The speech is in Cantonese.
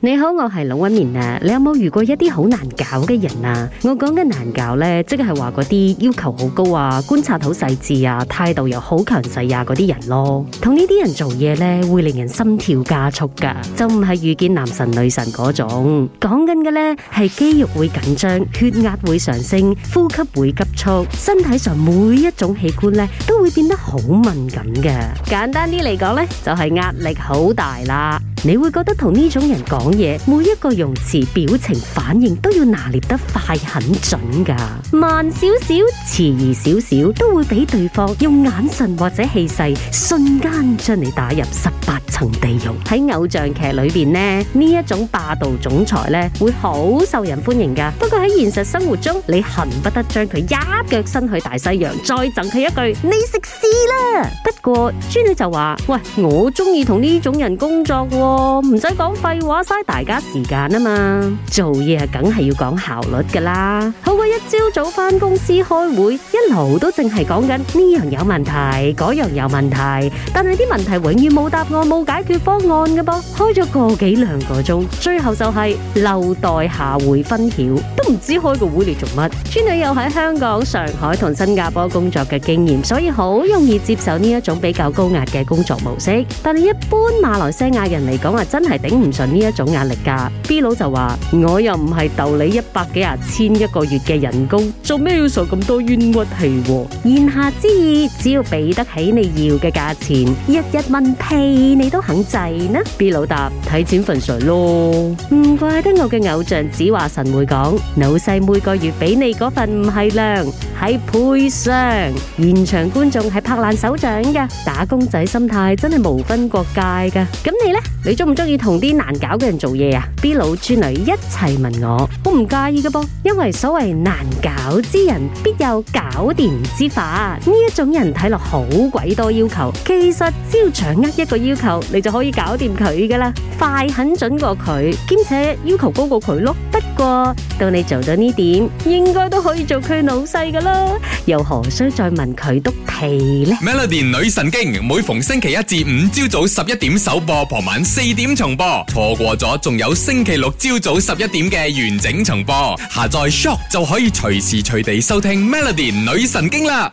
你好，我係龍紋敏啊！你有冇遇過一啲好難搞嘅人啊？我講嘅難搞呢，即係話嗰啲要求好高啊，觀察好細緻啊，態度又好強勢啊嗰啲人咯。同呢啲人做嘢呢，會令人心跳加速噶，就唔係遇見男神女神嗰種。講緊嘅咧，係肌肉會緊張，血壓會上升，呼吸會急促，身體上每一種器官呢，都會變得好敏感嘅。簡單啲嚟講咧，就係、是、壓力好大啦。你會覺得同呢種人講嘢，每一個用詞、表情、反應都要拿捏得快很準㗎，慢少少、遲疑少少，都會俾對方用眼神或者氣勢瞬間將你打入十八層地獄。喺偶像劇裏面呢，呢一種霸道總裁呢會好受人歡迎㗎。不過喺現實生活中，你恨不得將佢一腳伸去大西洋，再贈佢一句你食屎啦！不過豬女就話：喂，我中意同呢種人工作。唔使講廢話，嘥大家時間啊嘛！做嘢係梗係要講效率噶啦。好過一朝早翻公司開會，一路都淨係講緊呢樣有問題，嗰樣有問題，但係啲問題永遠冇答案、冇解決方案噶噃。開咗個幾兩個鐘，最後就係留待下會分曉，都唔知開個會嚟做乜。村女又喺香港、上海同新加坡工作嘅經驗，所以好容易接受呢一種比較高壓嘅工作模式，但係一般馬來西亞人嚟。講話真係頂唔順呢一種壓力噶，B 佬就話我又唔係逗你一百幾十千一個月嘅人工，做咩要受咁多冤屈氣？言下之意，只要俾得起你要嘅價錢，日日問屁你都肯制呢？B 佬答睇錢份上咯，唔怪得我嘅偶像子華神會講，老細每個月俾你嗰份唔係糧。係賠償，現場觀眾係拍爛手掌嘅，打工仔心態真係無分國界噶。咁你呢？你中唔中意同啲難搞嘅人做嘢啊？啲老豬女一齊問我，我唔介意嘅啵。因為所謂難搞之人，必有搞掂之法。呢一種人睇落好鬼多要求，其實只要掌握一個要求，你就可以搞掂佢噶啦，快狠準過佢，兼且要求高過佢咯。不過到你做到呢點，應該都可以做佢老細㗎啦，又何須再問佢督皮呢？Melody 女神經每逢星期一至五朝早十一點首播，傍晚四點重播，錯過咗仲有星期六朝早十一點嘅完整重播，下載 Shock 就可以隨時隨地收聽 Melody 女神經啦。